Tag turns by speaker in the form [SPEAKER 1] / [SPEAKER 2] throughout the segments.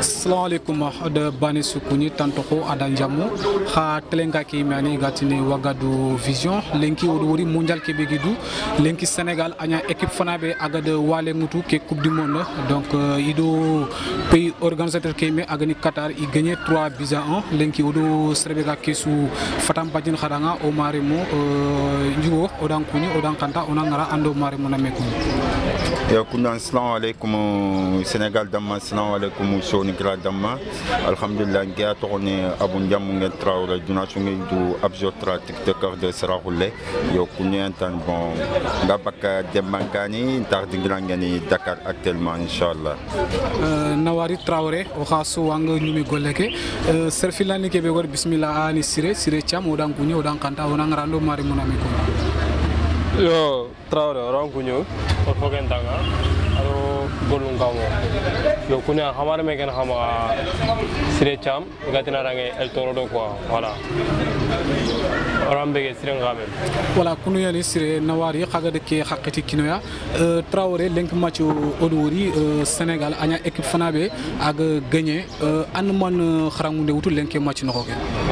[SPEAKER 1] assalamu alaikum da bani sukuni tantoko adan jamu ha telenga ki mani gatini wagadu vision lenki wori mondial ke begidu lenki senegal anya équipe fanabe agade wale mutu ke coupe du monde donc euh, ido pays organisateur ke me agani qatar i gagné 3 buts à 1 lenki wodo serbega su fatam badin kharanga o marimo euh, ndiwo odan kuni odan kanta onangara ando marimo na mekuni
[SPEAKER 2] يكون السلام عليكم السنغال sénégal السلام عليكم aleykum soni kira damma alhamdulillah nke ابو نجم نتراو jamu nge traore dunasu nge du abso tra tiktokeur de sarahulle yo kuneyan tan bon nga bakka dembankani ntar dingirangeni dakar actuellement inchallah
[SPEAKER 1] nawari traore oxa suwanga ñumi golle ke serfilani ke ɓe gor bisimilla ani siré siré ودان oɗan ودان oɗan kanta onan rando mari
[SPEAKER 3] Yo, Traoré, Rangunyo, और फोकन दागा और गोलुंग गाँव यो कुने हमारे में क्या हम सिरे चाम गतना रंगे एल तोरोडो को वाला और हम बेगे सिरे गामे
[SPEAKER 1] वाला कुने यानी सिरे नवारी खागर के हकीकत किनोया ट्रावरे लिंक मैच ओडूरी सेनेगल अन्य एकिप फनाबे आग गने अनमन खरांगुंडे उतु लिंक मैच नहोगे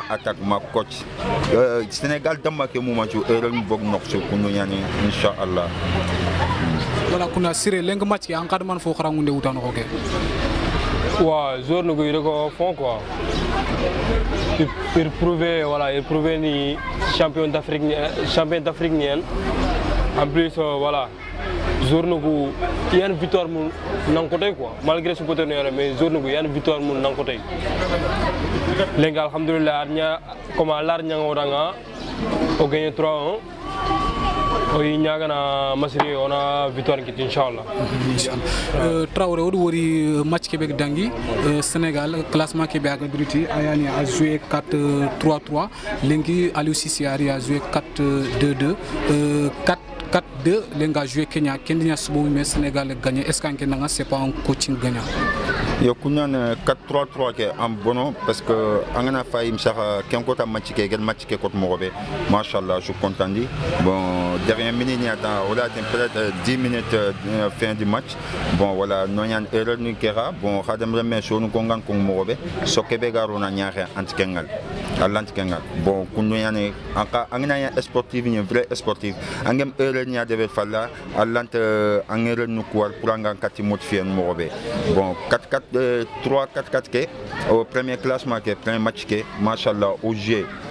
[SPEAKER 2] nya attaque ma coach euh, Sénégal damba ke mu machu erreur mu bog nok so kunu yani inshallah
[SPEAKER 3] wala
[SPEAKER 1] kuna sire leng match ke encadre fo xarangu nde wutan ke
[SPEAKER 3] wa jour no guire ko fond quoi pour prouver voilà il prouver ni champion d'Afrique champion d'Afrique ni en plus euh, voilà journée gu yan victoire mu nang ko tay quoi malgré supporter côté yore mais journée gu yan victoire mu nang ko tay lengi alhamdulillah arnya comme lar nyang oranga o gagné 3-1 oyi ñagana masri ona victoire kit inshallah inshallah euh traoré
[SPEAKER 1] wodi wori euh,
[SPEAKER 3] match québec dangi
[SPEAKER 1] euh, sénégal classement kebe ak bruti ayani a joué 4 3 3 lengi aliou sissi ari a joué 4 2 2 euh 4 4-2, l'enga joué Kenya. Kenya se boumi, mais Sénégal gagné. Est-ce qu'en Kenya, c'est pas un coaching gagnant
[SPEAKER 2] yo kunyan 4-3-3 en bon parce que angana fait imsaka euh, ken kota match ke un match ke kot mogobe machallah je suis content bon dernière minute on a peut-être 10 euh, minutes euh, fin du match bon voilà non yan erreur ni kera bon nous khadam reme so nu kongan kong mogobe so kebe garona nyaare antikengal allantikengal bon kunyan anka angana ya sportif un vrai sportif angem erreur re nya de falla allante angere nu kuar puranga kati mot fien mogobe bon 4 4 3 4 4 ke au premier classement ke premier match ke machallah au jeu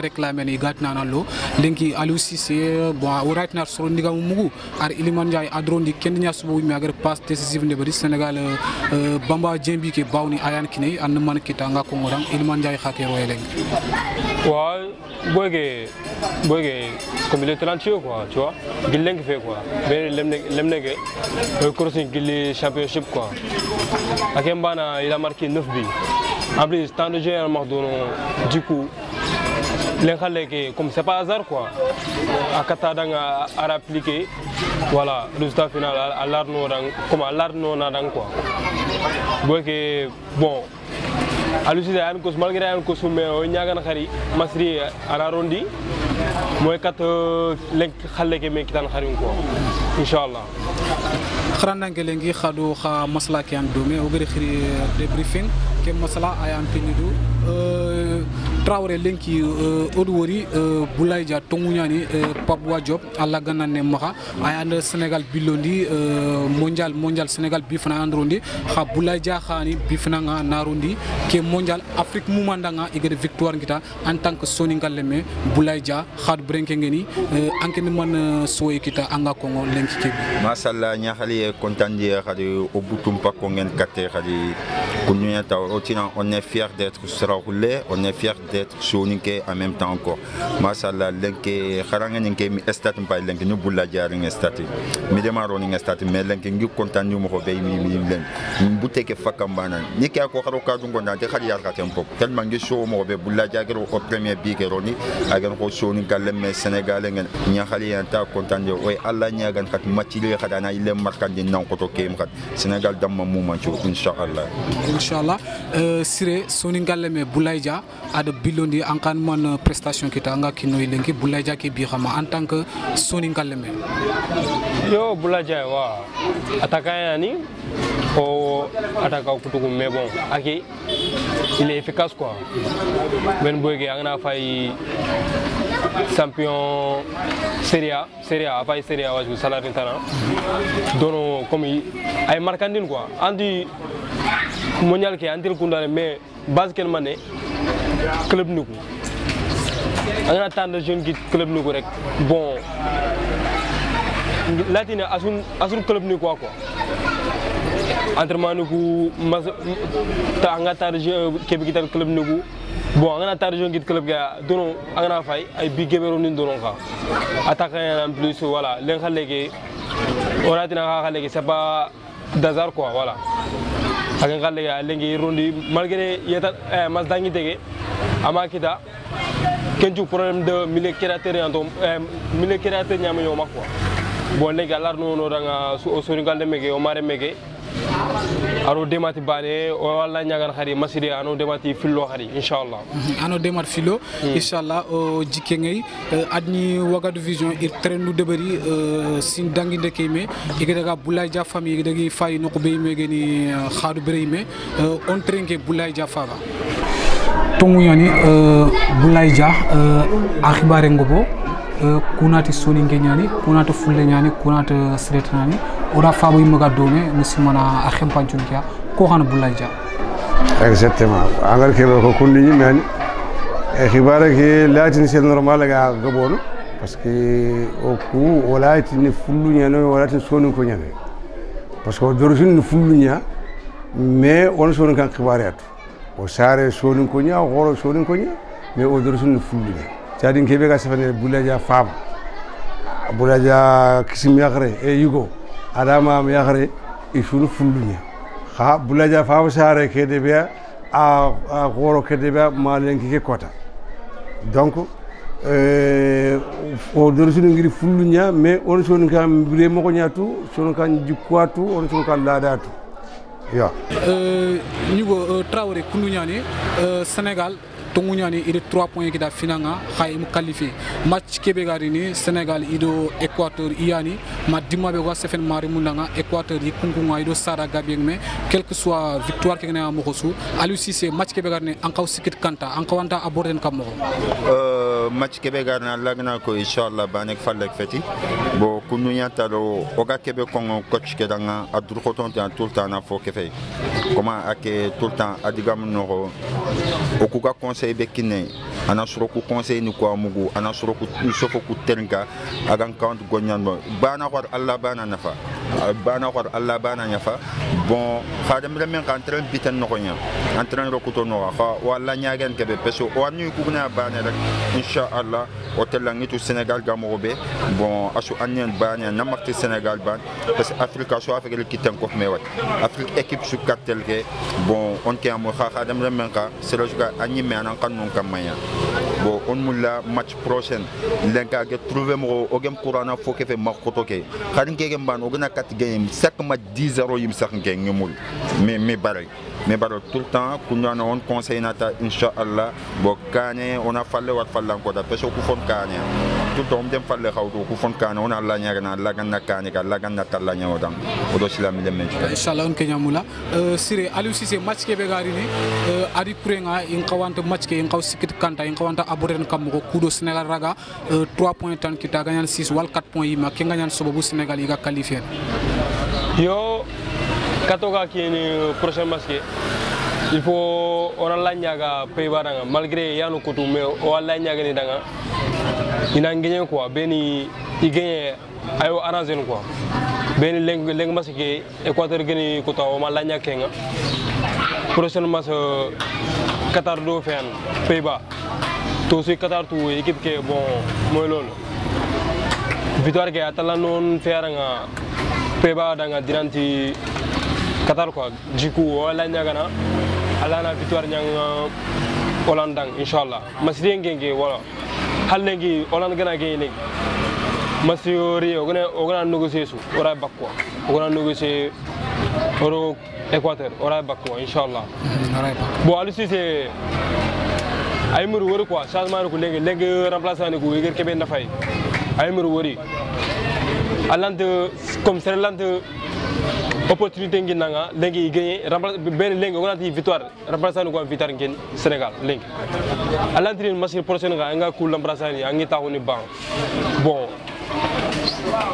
[SPEAKER 1] na réclamé ni gatina na lo lenki alu sise bon o right na so ndiga mugu ar iliman jay adrondi kendi nya subu mi agar pass decisive ne bari senegal bamba jembi ke bawni ayan kine an man kita nga ko ngorang iliman jay khake roye leng
[SPEAKER 3] wa boyge boyge comme il est tranchio quoi tu vois gillen ke fe quoi mais lemne lemne ke crossing gilli championship quoi akembana il a marqué 9 buts en plus tant de jeu en mardon du coup les collègues comme c'est pas hasard quoi akata danga à rappliquer voilà résultat final à l'arno dang comme à l'arno na dang quoi que bon alusi da an kos malgré an kos me o na xari masri ana rondi moy kat lenk xalé ke me kitan xari ko inshallah
[SPEAKER 1] xarana ngele ngi xadu xa masla ke an dome o gëri xiri debriefing ke masla ay an tinidu euh traoré lenki euh, wori euh, boulay dia tonguñani euh, pabwa diop allah gannanne maha a anda sénégal billodi mondial mondial sénégal bifana androndi ha boulay dia hani bifananga narondi ke mondial afrique mumandanga igede victoire ngita en tant que soningalle me boulay dia haade brenke ngeni ankeni man sowoy kita anga kongo lenki keɓi
[SPEAKER 2] masalla ñahali e contandi hadi o butum pakko ngen katte hadi o on est fier d'être serahoulé on est fier peut-être en même temps encore masala lenke kharanga ninke mi estat mbay lenke ñu bulla jaar ngi estat mi dema ron ngi estat mais lenke ngi content ñu mako bay mi mi len bu teke fakam bana ni ka ko xaro ka du na te xali yar ka tempo tellement ngi show mo be bulla jagero ko premier bi ke roni agan ko sonin kalemme senegal ngen nya xali yan ta content yo way alla ñagan gan kat match li xadana ile markan di nan ko to kem kat sénégal dam ma mu ma ci inshallah inshallah
[SPEAKER 1] euh sire sonin kalemme bulla ja ad billondi ankan mon prestation kita anga kinoy lenki bulaja ke bi khama en tant que sonin kalme
[SPEAKER 3] yo bulaja wa ataka yani o ataka kutuku mais bon aki il est efficace quoi ben boyge angna fay champion Serie A Serie A fay Serie A waju salatin tana dono comme ay markandin quoi andi mondial ke andir kundare mais base mané club Ndoukou en attendant jeune qui club Ndoukou rek bon latina asun asun club Ndoukou quoi entraînement Ndoukou mas ta nga tar je kebe kitar club Ndoukou bon angana tar jeune qui club ga dono angana fay ay bi gemero ni dono ka attaquant en plus voilà len xalé ke on latina ka xalé ke c'est pas dazar quoi voilà akan xalé ga lengi rondi malgré yeta mas dangi tege ama kita kencu problème de milieu kiratere anto eh, milieu kiratere nyame yo makwa bon nege alar no ranga o soringal de mege o mare mege aro demati bane o walla ñagan xari masiri ano demati filo xari inshallah
[SPEAKER 1] ano demat fillo inshallah o jikke ngay adni wagadu vision ir trendu debari sin danginde keme igadaga bulay ja fami igadagi fayi nokubeyi megeni xadu bereyme on trenke bulay ja faba tonguñoni bulay dia a xibare ngobo kunati soninge ñani kunata fulle ñani kunata srete nani oɗa faabo yimmaga downe mi simmana a xempancun kea ko xana bulay dia
[SPEAKER 4] exactement
[SPEAKER 3] angar keɓe ko kunni ñimmani e xibare ke laatini c'est normal ga goɓono parce que o ku o laatini fullu ñanoy o laatini sonin ko ñanoy parce que o dorotini no fullu ña mais on sonin kan xibare atu o saare sonin koña o xooro sonin koña mais o dorosun no fullude ke keɓe ga safanede bulaja faaba bulaja kisim yakre e yugo adamam yakre i sunu fulluña ha bulaja faaba saare ke deɓea a xooro ke deɓea malenki ke kota donc o doro sono ngiri fulluña mais on soni kan mbire moko tu sono kan jikkuwa tu on sono kan laada tu Yeah. Uh, ñigo uh,
[SPEAKER 1] Traoré kunduñani uh, Sénégal tonguñani iri 3 points kida finanga hay mu qualifié match kebe garini Sénégal ido Équateur iyani ma dimma be wa sefen mari mundanga Équateur yi kunkunga ido sara gabieng me quel que soit victoire ke ngena mo xosu Aliou Cissé match kebe garini an kaw sikit kanta an kawanta aborder kam
[SPEAKER 2] match kebe garna lagna ko inshallah banek fallek feti bo kunu yata do oga kebe kongo coach ke danga adur khoton tan tout temps na fo kefe comment ake tout temps adigam no okuka conseil be kine ana sɔrɔ ko conseil ni ko amugu ana sɔrɔ ko sofo ko terinka agan kan gɔnɲan bana kɔr alla bana nafa bana kor alla bana nyafa bon khadam le men kan tren bitan no konya an tren rokuto no kha wala nyagen kebe peso o ni ku gna bana rek insha allah o telangi tu senegal ga mobe bon asu anyen bana na makti senegal ban parce afrika so afrika le kitan ko me wat afrika équipe su cartel ke bon on ke am kha khadam le men ka c'est le juga anyi men an kan non kamaya bon on mulla match prochain lenka ge trouver mo ogem courana fo ke fe makoto ke xarin ke gem ban ogna kat game sak match 10 0 yim sak nge ngemul mais mais bare mais bare tout le temps kunya on conseil nata inshallah bo kane on a falle wat fallan ko da peso ku fon kane tun tɔgɔm jɛn falle xaw to ku fon kaana wona alla ñaga na lagan na kaani ka lagan na talla ñawo tan o do sila mi lemen
[SPEAKER 1] inshallah on kenya mula euh, sire aliou sise match ke be gari ni euh, adi kurenga in xawante match ke in xaw sikit kanta in xawante aboren kam ko kudo senegal raga 3 euh, point tan ki kita ganyan 6 wal 4 point yima ke ganyan sobobu senegal iga qualifier
[SPEAKER 3] yo katoga kini prochain match ke il faut on alla ñaga pay baranga malgré yanu kutu mais o alla ñaga ni danga ina kwa beni igenye ayo arazen kwa beni leng leng masike equateur geni kota o malanya kenga prochainement ce qatar do fen peba to si qatar tu équipe ke bon moy lol victoire ke atala non feranga peba danga diranti qatar kwa jiku wala nyagana alana victoire nyanga Hollandang inshallah masri ke wala hallengi onan gana geenegi masiori ogana ogana nuguse su ora bakwa ogana nuguse oro equateur ora bakwa inshallah ora bakwa bo alisi se ay mur wori quoi changement ko legi legi remplacer ko yeger kebe nafay ay mur wori alante comme serlante opportunité ngin nanga lengi gagner remplace ben lengi on a dit victoire remplace nous quoi victoire ngin Sénégal lengi à l'entrée masir prochaine nga nga cool remplace ni angi taxu ni ban bon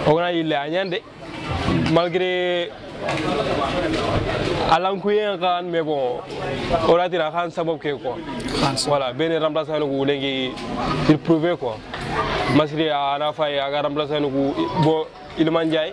[SPEAKER 3] on a il añande malgré alankuyen kan mais bon on a dit la kan sabab ke quoi voilà ben remplace nous lengi il prouver quoi masir a rafa ya remplace nous bon il manjay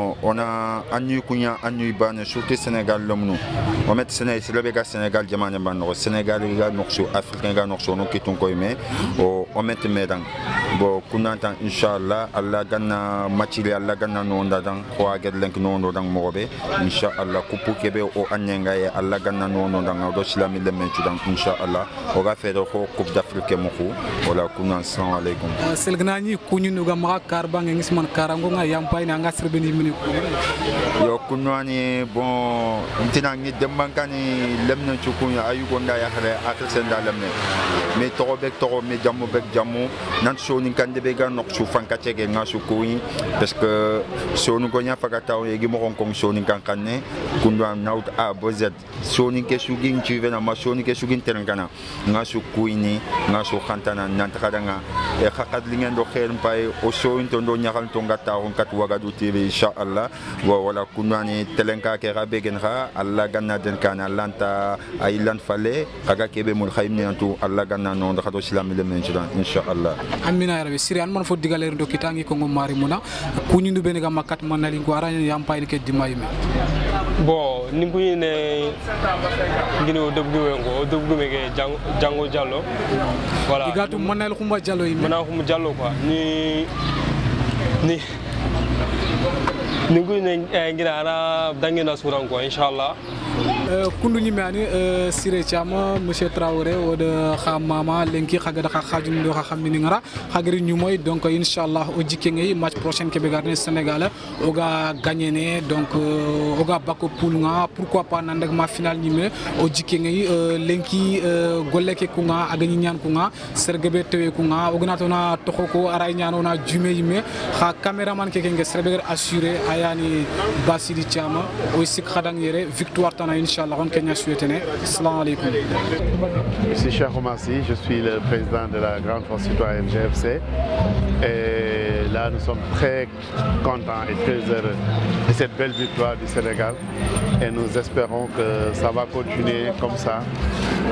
[SPEAKER 2] on a an ɲui kuɲa bane surtout sénégal lomunu o mete sene silo be ka sénégal jamane ban nogo sénégal ga noxo africain ga noxo no kitun koy me o o mete medan bo kunantan inchallah allah ganna matiri allah ganna nonda dan ko a ged no nondo dan mogobe inchallah kupu kebe o annenga ye allah ganna nondo dan o do silami lemen cudan inchallah o ga fere ko coupe d'afrique muku wala kunan assalamu alaikum
[SPEAKER 1] selgnani kunyunuga ma karba ngisman karango nga yampaina nga sirbeni mini ko
[SPEAKER 2] yo ni bon ntina ngi demban kani lemne chukun ya ayu gonda ya hare akil senda lemne me toro bek toro me jamu bek jamu nan so ni kande be ga nok chu fanka tege nga su kuyi parce que so ni gonya faka taw yegi mo kon kon so ni kan kanne kundwa naut a bozet so ni ke su gin chi vena ma so ni ke su gin teren kana nga su kuyi ni nga su khantana nan takada nga e khakad lingen do khair pai o so in tondo nyakal tonga taw kat wagadu tv inshallah wala bo wala kunani telenka ke rabe genra alla ganna den kana lanta ailan fale kaga kebe mul khaymni antu alla ganna non da khato islam le men jidan insha allah
[SPEAKER 1] amina ya rabbi siri an man fo digaler do kitangi ko ngom mari muna kunyi ndu benega makat man nali ko arani yam payni ke dimay me
[SPEAKER 3] bon ni kunyi ne ngini o dobgu wengo o dobgu mege jango jallo voilà igatu manal khumba jallo yi manal khumba jallo quoi ni ni 你们应该能拿到足够的收入，InshaAllah。
[SPEAKER 1] Euh, kundu kunduñimani euh, sire chama monsieur traoré oɗo ha mama lenki hagada ha hajumde ha hammini gara hagari ñumoy donc inchallah o jikkengeyi match prochaine kebe garne sénégal oga gagnene donc euh, oga bako poulga pourquoi pas nandeg ma final ñimme o jikkengeyi lenki golle ke kuga agañi ñan kuga sergeɓe tewe o ogana tona toxo ko aray ñan ona jume cameraman ha caméraman kekenge sergebe assuré ayani basidi thiama oy sik hadang victoire tana Je suis
[SPEAKER 4] je suis le président de la Grande Force citoyenne GFC. Et là, nous sommes très contents et très heureux de cette belle victoire du Sénégal. Et nous espérons que ça va continuer comme ça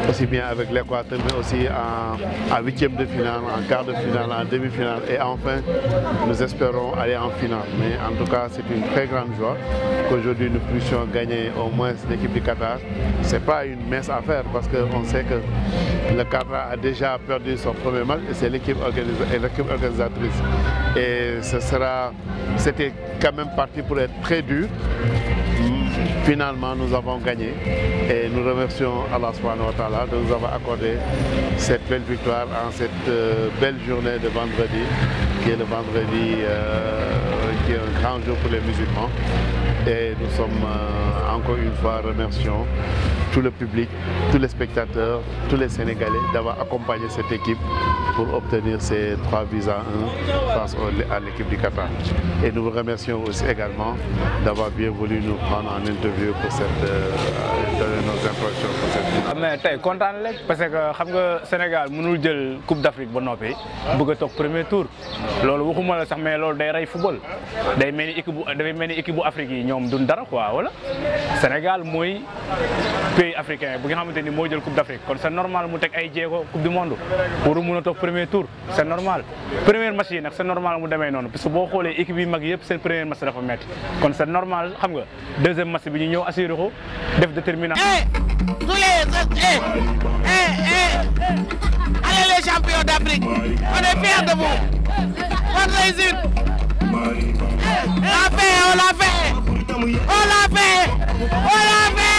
[SPEAKER 4] aussi bien avec l'Équateur, mais aussi en, huitième de finale, en quart de finale, en demi-finale. Et enfin, nous espérons aller en finale. Mais en tout cas, c'est une très grande joie qu'aujourd'hui nous puissions gagner au moins l'équipe du Qatar. Ce n'est pas une mince affaire parce qu'on sait que le Qatar a déjà perdu son premier match et c'est l'équipe organisatrice. Et ce sera, c'était quand même parti pour être très dur. Finalement, nous avons gagné et nous remercions Allah de nous avoir accordé cette belle victoire en cette euh, belle journée de vendredi, qui est le vendredi euh, qui est un grand jour pour les musulmans. Et nous sommes euh, encore une fois remercions tout le public, tous les spectateurs, tous les Sénégalais d'avoir accompagné cette équipe pour obtenir ces trois visas 1 face à l'équipe du Qatar. Et nous vous remercions aussi également d'avoir bien voulu nous prendre en interview pour cette, euh, donner nos impressions pour cette
[SPEAKER 1] ah, Mais tu es content parce que le Sénégal nous peut pas la Coupe d'Afrique pour nous. Il veut premier tour. C'est ce que je veux dire, mais c'est le football. C'est une équipe d'Afrique. ñoom duñ dara quoi wala Sénégal mooy pays africain bu nga te ni moo jël coupe d' Afrique kon c' normal mu teg ay jéego coupe du monde pour mun a toog premier tour c' normal première match yi nag c' est normal mu demee noonu parce que boo xoolee équipe yi mag yëpp seen première match dafa metti kon c' normal xam nga deuxième match bi ñu ñëw assuré ko def détermination. Eh, eh, eh, allez les champions d'Afrique, on est fiers de vous. Bonne réussite. On l'a fait, On l'a fait On l'a fait